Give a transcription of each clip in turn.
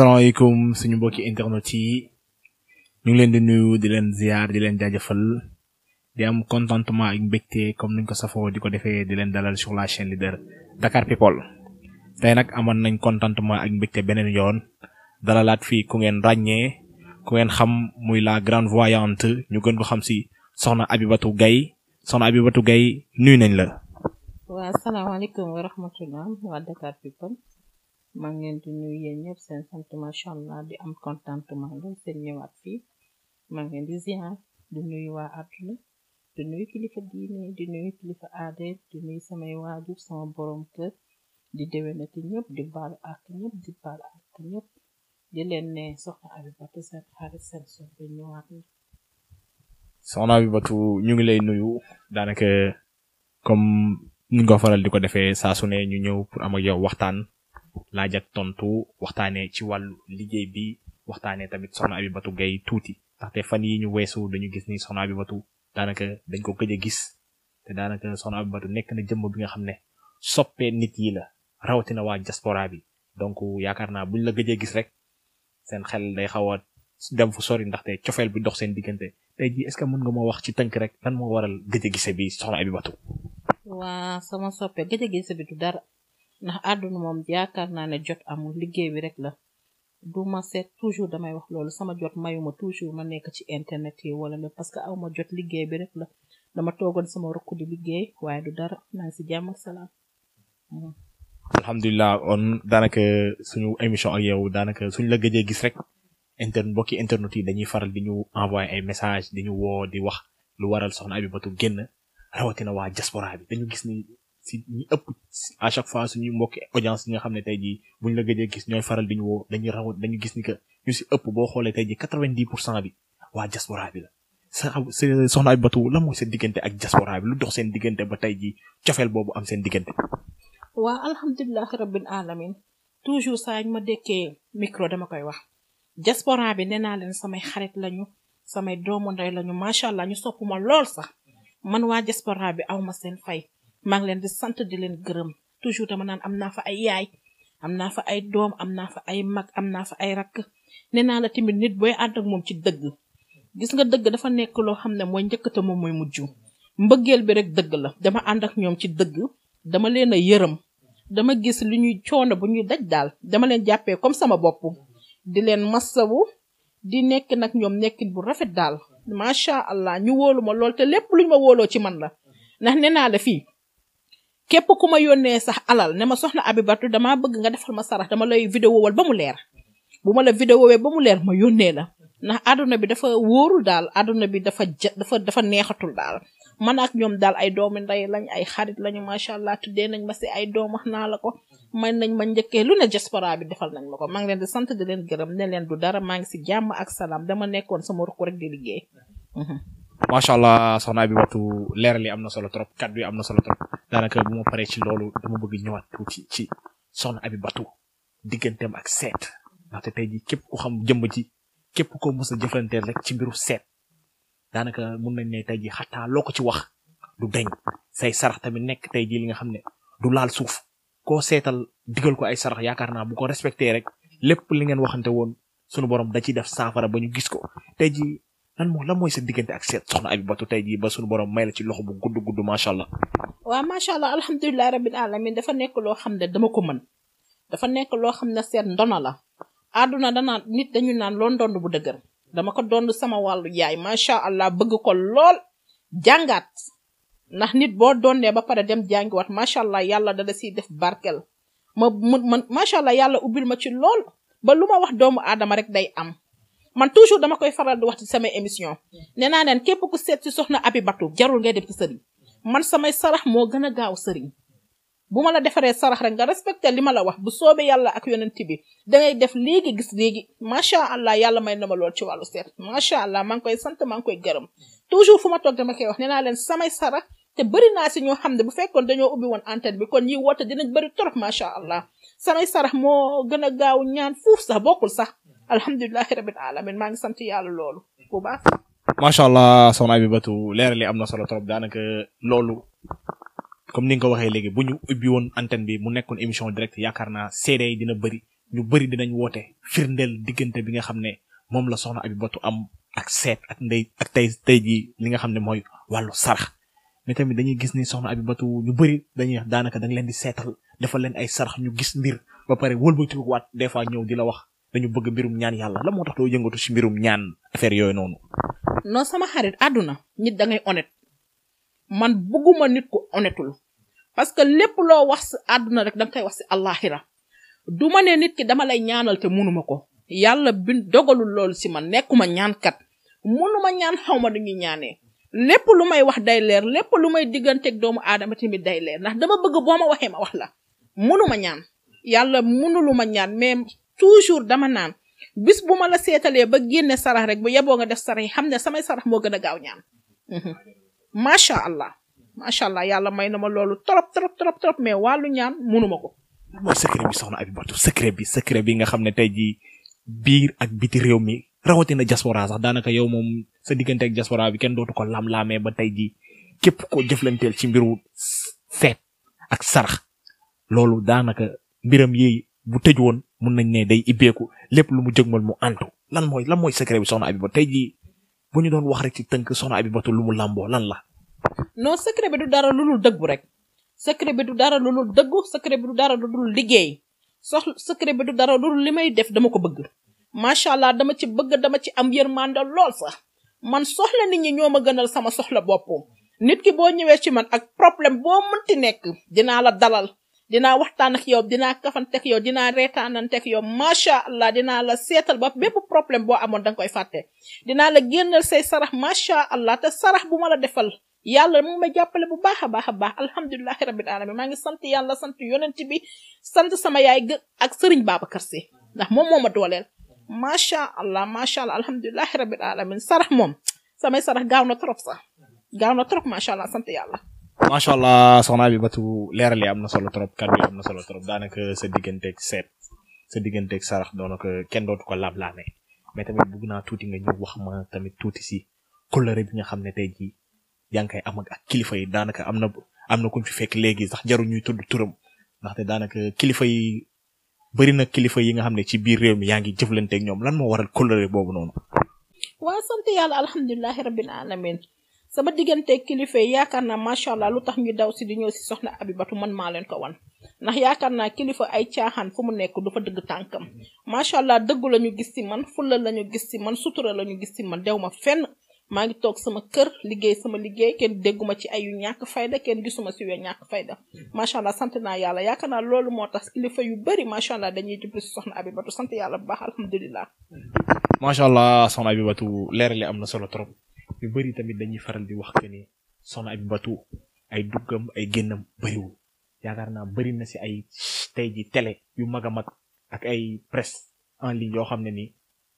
asalaamaaleykum suñu mbokki internet yi ñu ngi leen di nuyu di leen ziar di leen jaajëfal di am contentement ak mbégte comme niñ ko safoo di ko defee di leen dalal sur la chaîne leader Dakar People tey nag amoon nañ contentement ak mbégte beneen yoon dalalaat fii ku ngeen ràññee ku ngeen xam muy la grande voyante ñu gën ko xam si soxna Abibatou Gaye soxna Abibatou Gaye nuyu nañ la. waaw asalaamaaleykum wa rahmatulah waa Dakar maa ngi leen di nuyu yéen ñëpp seen sant macha di am contentement lool sen ñëwaat fii maa ngi leen di ziar di nuyu waa àdduna di nuyu kilifa diine di nuyu kilifa aade di nuyu samay waajur sama borom kër di déwénati ñëpp di baalu àq ñëpp di baalu àq ñëpp di leen ne soxna Abibatu seen xarit seen Abibatu ñu ngi lay nuyu daanaka comme ni ko faral di ko defee saa su ñu ñëw pour am yow waxtaan. laaj ak tontu waxtaanee ci wàllu liggéey bi waxtaanee tamit soxna Abibatou Gaye tuuti ndaxte fan yi ñu weesu dañu gis ni soxna Abibatou daanaka dañ ko gëj a gis te daanaka soxna Abibatou nekk na jëmm bi nga xam ne soppee nit yi la rawatina waa diaspora bi donc yaakaar naa buñ la gëj gis rek seen xel day xaw a dem fu sori ndaxte cofeel bi dox seen diggante tey jii est-ce que mën nga moo wax ci tënk rek lan moo waral gëj gise bi soxna Abibatou. waa sama soppe gëj gise bi du dara ndax àdduna moom yaakaar naa ne jot amul liggéey bi rek la du ma seet toujours damay wax loolu sama jot mayuma toujours ma nekk ci internet yi wala ne parce que aw ma jot liggéey bi rek la dama toogoon sama rukk di liggéey waaye du dara naa si jàmm ak salaam. Mm. alhamdulilah on daanaka suñu émission ak yow daanaka suñ la gëjee gis rek internet mbokki internet yi dañuy faral di ñu envoyé ay message di ñu woo di wax lu waral soxna Habibatou génn rawatina waa diaspora bi dañu gis ni. si ñi ëpp à chaque fois suñu mbokki audience yi nga xam ne tey jii buñ la gëjee gis ñooy faral di ñu woo dañuy raw dañu gis ni que ñu si ëpp boo xoolee tey jii quatre-vingt-dix pour cent bi waa diaspora bi la sa soxna bi batu la ba tey jii cofeel boobu am seen diggante waa alhamdulilahi rabbil ma koy wax diaspora bi nee naa leen samay xarit lañu samay doomu ndey lañu macha allah ñu sopp ma lool sax man waa diaspora bi ma seen fay maa ngi leen di sant di leen gërëm toujours dama naan am naa fa ay yaay am naa fa ay doom am naa fa ay mag am naa fa ay rakk nee naa la tamit nit booy ànd ak moom ci dëgg gis nga dëgg dafa nekk loo xam ne mooy njëkk te moom mooy mujj mbëggeel bi rek dëgg la dama ànd ak ñoom ci dëgg dama leen a yërëm dama gis lu ñuy coono bu ñuy daj daal dama leen jàppee comme sama bopp di leen massawu di nekk nag ñoom nekkin bu rafet daal macha allah ñu woolu ma lool lépp luñ ma wóoloo ci man la ndax nee naa la képp ku ma yónnee sax alal ne ma soxna Abibatu damaa bëgg nga defal ma sarax dama lay vidéowal ba mu leer bu ma la wee ba mu leer ma yónnee la ndax àdduna bi dafa wóorul daal àdduna bi dafa ja dafa dafa neexatul daal man ñoom daal ay doomi ndey lañ ay xarit lañu macha allah tuddee nañ ma si ay doom naa la ko man nañ ma njëkkee lu ne diaspora bi defal nañ ma ko maa ngi leen di sant di leen gërëm ne leen du dara maa ngi si jàmm ak salaam dama nekkoon sama rukk rek liggéey. macha allah soxna Abibatu leer li am na solo trop kàddu yi am na solo trop. daanaka bu ma paree ci loolu dama bëgg ñëwaat tuuti ci soxna Abi Batu digganteem ak seet ndaxte tey jii képp ko xam jëmm ji képp ko mës a jëflanteel rek ci mbiru seet daanaka mun nañ ne tey jii xataa loo ko ci wax du deñ say sarax tamit nekk tey jii li nga xam ne du laal suuf koo seetal digal ko ay sarax yaakaar naa bu ko respecté rek lépp li ngeen waxante woon sunu borom da ciy def saafara ba ñu gis ko tey jii lan moo lan mooy sa diggante ak seet soxna Abi Batu tey jii ba suñu borom may la ci loxo bu gudd gudd macha allah. waaw macha allah alhamdulilah rabbil alamin dafa nekk loo xam ne dama ko mën dafa nekk loo xam ne seet ndono la àdduna danaa nit dañu naan loo ndond bu dëgër dama ko dond sama wàllu yaay macha allah bëgg ko lool jàngaat ndax nit boo dondee ba pare dem waat macha allah yàlla dala siy def barkel ma ma macha allah yàlla ubbil ma ci lool ba lu ma wax doomu aadama rek man toujours dama koy faral di wax ci samay émission mm. nee naa leen képp ku seet si soxna Abi Batu jarul ngay dem sëriñ man samay sarax moo gën a gaaw sëriñ bu ma la defaree sarax rek nga respecté ma la wax bu soobee yàlla ak yonent bi dangay def léegi gis léegi macha allah yàlla may na ma lool ci wàllu seet macha allah maa ngi koy sant maa ngi koy gërëm toujours fu ma toog dama koy wax nee naa leen samay sarax te bëri naa si ñoo xam ne bu fekkoon dañoo ubbi woon antenne bi kon ñi woote dinañ bëri trop macha allah samay sarax moo gën a gaaw ñaan fuuf sax bokkul sax alhamdulilahi rabil alamin maa ngi sant yàlla loolu bu baax. macha allah soxna Abi Batu leer am na solo trop daanaka loolu comme ni nga ko waxee léegi bu ñu ubbi woon antenne bi mu nekkoon émission direct yaakaar naa seede yi dina bëri ñu bëri dinañ woote firndeel diggante bi nga xam ne moom la soxna Abi Batu am ak seet ak ndey ak tey tey jii li nga xam ne mooy wàllu sarax. mais tamit dañuy gis ni soxna Abi Batu ñu bëri dañuy daanaka da nga leen di seetal defal leen ay sarax ñu gis mbir ba pare wëlbatiku waat des fois ñëw di la wax dañu bëgg mbirum ñaan yàlla la moo tax doo yëngatu si mbirum ñaan affaire yooyu noonu. non sama xarit àdduna nit da ngay honnête man bëgguma nit ku honnêtul parce que lépp loo wax àdduna rek da nga koy wax si àllaaxira du ma ne nit ki dama lay ñaanal te mënuma ko. yàlla bi dogalul loolu si man nekkuma ñaankat mënuma ñaan xaw ma du ñuy ñaanee lépp lu may wax day leer lépp lu may digganteeg doomu aadama tamit day leer ndax dama bëgg boo ma waxee ma wax la mënuma ma ñaan toujours dama naan bis bu ma la seetalee ba génne sarax rek bu yeboo nga def sarax yi xam ne samay sarax moo gën a gaaw ñaan mhm. macha allah macha allah yàlla may na ma loolu trop trop trop trop mais wàllu ñaan mënuma ko. mooy secret bi soxna Abibatou secret bi secret bi nga xam ne tey jii biir ak biti réew mi rawatina diaspora sax daanaka yow moom sa diggante ak diaspora bi kenn dootu ko lam-laamee ba tey jii képp koo jëflanteel ci mbiru seet ak sarax loolu daanaka mbiram yi bu tëj woon mun nañ nee day ibbeeku lépp lu mu jëgmal mu antu lan mooy lan mooy secret bi soxna Abiba tey jii bu ñu doon wax rek tënk soxna Abibatu lu mu làmboo lan la. non secret du dara lu dëggu rek secret du dara dul dëggu secret bi du dara lu liggéey sox secret du dara lu li may def dama ko bëgg macha allah dama ci bëgg dama ci am yërmande lool sax man soxla nit ñi ñoo ma gënal sama soxla bopp nit ki boo ñëwee ci man ak problème boo mënti nekk dinaa la dalal dinaa waxtaan ak yow dinaa kafanteeg yow dinaa reetaananteeg yow macha allah dina la seetal ba bépp problème boo amoon danga koy fàtte. dinaa la génnal say sarax macha allah te sarax bu ma la defal yàlla mu ma may jàppale bu baax a baax a baax alhamdulilahi rabbil alamin maa ngi sant yàlla sant yonent bi sant sama yaay gë ak Serigne Babacar Sy ndax moom moom ma dooleel. macha allah macha allah alhamdulilahi rabbil alamin sarax moom samay sarax gaaw na trop sax gaaw na trop macha allah sant yàlla. macha allah soxnaa bi batu leeral yi am na solo trop kàddu yi am na solo trop daanaka sa digganteeg seet sa digganteeg sarax doonaka kenn dootu ko laablaame mais tamit bëgg naa tuuti nga ñëw wax ma tamit tuuti si kóllëre bi nga xam ne tey jii yaa ngi koy am ak kilifa yi daanaka am na am na fekk léegi sax jaru ñuy tudd turam ndaxte daanaka kilifa yi bëri na kilifa yi nga xam ne ci biir réew mi yaa ngi jëflanteeg ñoom lan moo waral kóllëre boobu noonu. waa sant yàlla alhamdulilah rabbil alamin sama diggante kilifa yaakaar naa macha allah lu tax ñu daw si di ñëw si soxna Abibatu man maa leen ko wan ndax yaakaar naa kilifa ay caaxaan fu mu nekk du fa dëgg tànkam macha allah dëggu la ñu gis si man fulla la ñu gis si man sutura la ñu gis si man dew ma fenn maa ngi toog sama kër liggéey sama liggéey kenn dégguma ci ayu ñàkk fayda kenn gisuma si we ñàkk fayda macha allah sant naa yàlla yaakaar naa loolu moo tax kilifa yu bëri macha allah dañuy jublu si soxna Abibatu sant yàlla bu baax alhamdulilah. macha allah soxna Abibatu leer li am na solo trop. ñu bëri tamit dañuy faral di wax que ni soxna Abi Batu ay duggam ay génnam bëriwul yaakaar naa bëri na si ay tey ji télé yu mag a mag ak ay presse en ligne yoo xam ne ni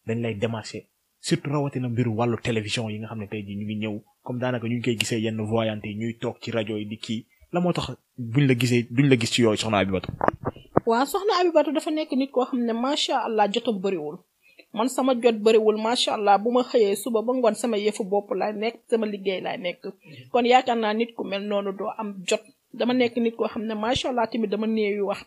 dañ lay démarché surtout rawatina mbiru wàllu télévision yi nga xam ne tey ji ñu ngi ñëw comme daanaka ñu ngi koy gisee yenn voyante yi ñuy toog ci rajo yi di kii la moo tax buñ la gisee duñ la gis ci yooyu soxna Abi Batu. soxna Abi dafa nekk nit koo xam ne macha allah jotam bëriwul. man sama jot bëriwul macha allah bu ma xëyee suba ba ngoon sama yëfu bopp laay nekk sama liggéey laay nekk kon yaakaar naa nit ku mel noonu doo am jot dama nekk nit koo xam ne macha allah timit dama néewi wax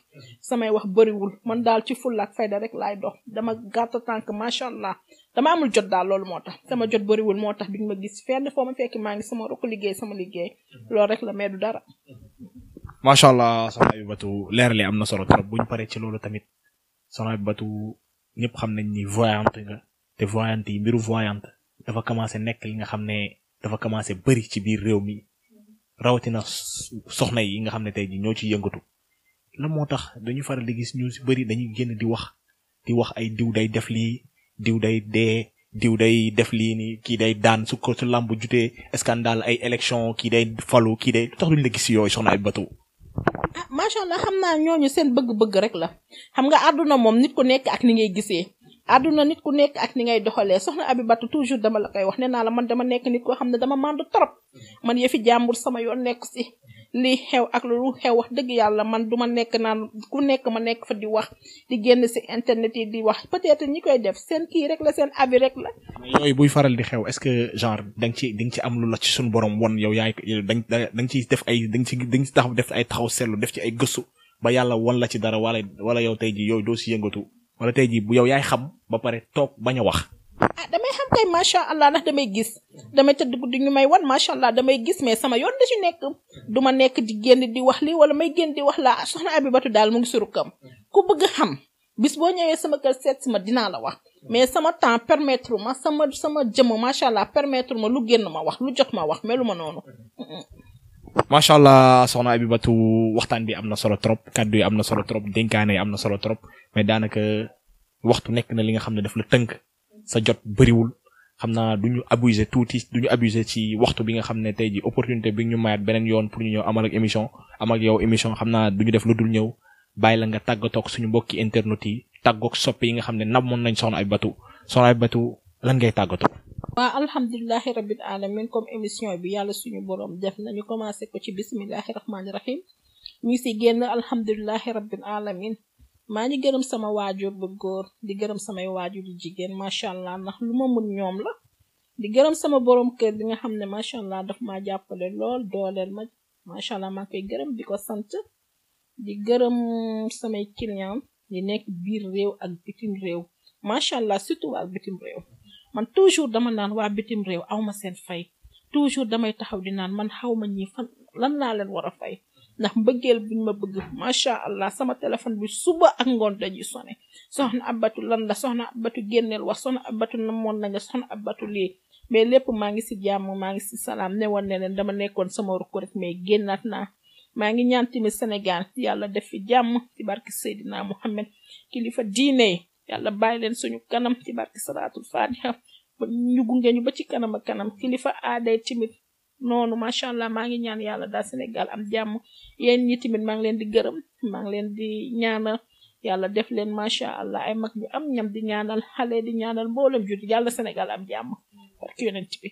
samay wax bëriwul man daal ci fullaak fayda rek laay dox dama gàtt tànk macha allah dama amul jot daal loolu moo tax sama jot bëriwul moo tax duñ ma gis fenn foo ma fekk maa sama rokk liggéey sama liggéey loolu rek la mais du dara. macha allah leer li am na solo trop buñ paree ci loolu tamit soxna Habibatou ñëpp xam nañ ni voyante nga te voyante yi mbiru voyante dafa commencé nekk li nga xam ne dafa commencé bëri ci biir réew mi rawatina soxna yi nga xam ne tey ji ñoo ci yëngatu la moo tax dañu faral di gis ñu si bëri dañuy génn di wax di wax ay diw day def lii diw day dee diw day def lii nii kii day daan su ko su làmb jutee scandale ay élection kii day falu kii day lu tax duñ la gis yooyu soxna ay bateau ah macha allah xam naa ñooñu seen bëgg-bëgg rek la xam nga àdduna moom nit ku nekk ak ni ngay gisee àdduna nit ku nekk ak ni ngay doxalee soxna Abibatu toujours dama la koy wax nee naa la man dama nekk nit koo xam ne dama màndu trop man yëfi jàmbur sama yoon nekk si lii xew ak lu xew wax dëgg yàlla man du ma nekk naan ku nekk ma nekk fa di wax di génn si internet yi di wax peut-être ñi koy def seen kii rek la seen abi rek la. yooyu buy faral di xew est-ce que genre dang nga ci ci am lu la ci suñu borom won yow yaay da nga da nga ciy def ay da nga ci da nga ci taxaw def ay taxaw seetlu def ci ay gëstu ba yàlla won la ci dara wala wala yow tey jii yow doo si yëngatu wala tey jii bu yow yaay xam ba pare toog bañ a wax. ah damay xam kay macha allah ndax damay gis damay tëdd guddi ñu may wan macha allah damay gis mais sama yoon da ci nekk du ma nekk di génn di wax lii wala may génn di wax laa ah, soxna Abibatu daal mu ngi suru bëgg xam bis boo ñëwee sama kër ma dinaa la wax mais sama temps permettre ma sama sama jëmm macha allah permettre ma lu génn ma wax lu jot ma wax melu ma noonu. macha allah soxna Abibatu waxtaan bi am na solo trop kàddu yi am na solo trop dénkaane am na solo trop mais daanaka waxtu nekk na li nga xam ne daf la tënk. sa jot bëriwul xam naa du ñu abuser tuuti du ñu abuser ci waxtu bi nga xam ne tey ji opportunité bi ñu mayaat beneen yoon pour ñu ñëw amal ak émission am ak yow émission xam naa du ñu def lu dul ñëw bàyyi la nga tàggatoog suñu mbokki internet yi tàggoog soppi yi nga xam ne namoon nañ soxna ay batu soxna ay batu lan ngay tàggatoo. waa alhamdulilahi rabbil alamin comme émission bi yàlla suñu borom def nañu commencé ko ci bismillahi rahmaani rahim ñu si génn alhamdulilahi rabbil alamin maa ngi gërëm sama waajur bu góor di gërëm samay waajur yu jigéen macha allah ndax lu ma mun ñoom la di gërëm sama borom kër bi nga xam ne macha allah daf ma jàppale lool dooleel ma macha allah maa koy gërëm di ko sant di gërëm samay client di nekk biir réew ak bitim réew macha allah surtout waa bitim réew man toujours dama naan waa bitim réew aw ma seen fay toujours damay taxaw di naan man xaw ma ñii fan lan laa leen war a fay. ndax mbëggeel buñ ma bëgg macha allah sama téléphone bi suba ak ngoon dañuy sone soxna abatu lan la soxna abatu génneel wax soxna abatu namoon nañ la soxna abatu lii mais lépp maa ngi si jàmm maa ngi si salaam ne woon ne leen dama nekkoon sama rukk rek mais génnaat naa maa ngi ñaan tamit Sénégal yàlla def fi jàmm ci barke Seydina Muhammad kilifa diine yàlla bàyyi leen suñu kanam ci barke salaatul fatiha ñu gunge ñu ba ci kanam ak kanam kilifa aaday timit noonu macha allah maa ngi ñaan yàlla daal Sénégal am jàmm yéen ñi tamit maa ngi leen di gërëm maa ngi leen di ñaanal yàlla def leen macha allah ay mag ñu am ñam di ñaanal xale di ñaanal mboolem jur yàlla Sénégal am jàmm parce que yonent bi